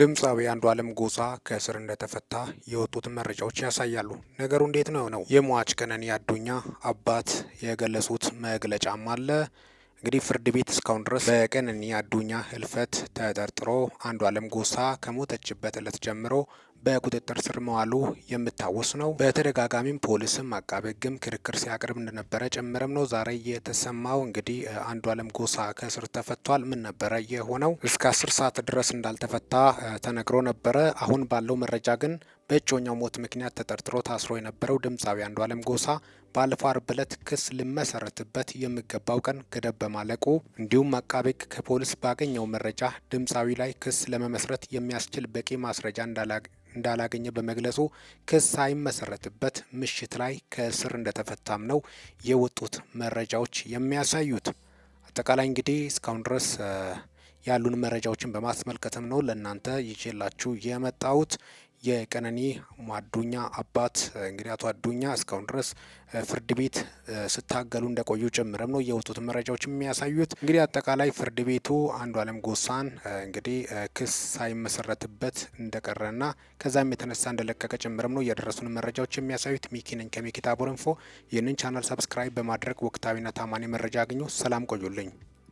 ድምፃዊ አለም ጎሳ ከእስር እንደተፈታ የወጡት መረጃዎች ያሳያሉ። ነገሩ እንዴት ነው ነው? የሟች ቀነኒ አዱኛ አባት የገለጹት መግለጫም አለ። እንግዲህ ፍርድ ቤት እስካሁን ድረስ በቀነኒ አዱኛ ህልፈት ተጠርጥሮ አለም ጎሳ ከሞተችበት እለት ጀምሮ በቁጥጥር ስር መዋሉ የምታወስ ነው። በተደጋጋሚም ፖሊስም አቃቤ ሕግም ክርክር ሲያቀርብ እንደነበረ ጭምርም ነው ዛሬ የተሰማው። እንግዲህ አንዱ አለም ጎሳ ከእስር ተፈቷል። ምን ነበረ የሆነው? እስከ አስር ሰዓት ድረስ እንዳልተፈታ ተነግሮ ነበረ። አሁን ባለው መረጃ ግን በእጮኛው ሞት ምክንያት ተጠርጥሮ ታስሮ የነበረው ድምፃዊ አንዱ አለም ጎሳ ባለፈው አርብ ዕለት ክስ ሊመሰረትበት የሚገባው ቀን ገደብ በማለቁ እንዲሁም አቃቤ ሕግ ከፖሊስ ባገኘው መረጃ ድምፃዊ ላይ ክስ ለመመስረት የሚያስችል በቂ ማስረጃ እንዳላ እንዳላገኘ በመግለጹ ክስ ሳይመሰረትበት ምሽት ላይ ከእስር እንደተፈታም ነው የወጡት መረጃዎች የሚያሳዩት። አጠቃላይ እንግዲህ እስካሁን ድረስ ያሉን መረጃዎችን በማስመልከትም ነው ለእናንተ ይዤላችሁ የመጣሁት። የቀነኒ አዱኛ አባት እንግዲህ አቶ አዱኛ እስካሁን ድረስ ፍርድ ቤት ስታገሉ እንደቆዩ ጭምርም ነው የወጡት መረጃዎች የሚያሳዩት። እንግዲህ አጠቃላይ ፍርድ ቤቱ አለም ጎሳን እንግዲህ ክስ ሳይመሰረትበት እንደቀረና ከዛም የተነሳ እንደለቀቀ ጭምርም ነው የደረሱን መረጃዎች የሚያሳዩት። ሚኪ ነኝ ከሚኪ ይህንን ቻናል ሰብስክራይብ በማድረግ ወቅታዊና ታማኒ መረጃ አግኙ። ሰላም ቆዩልኝ።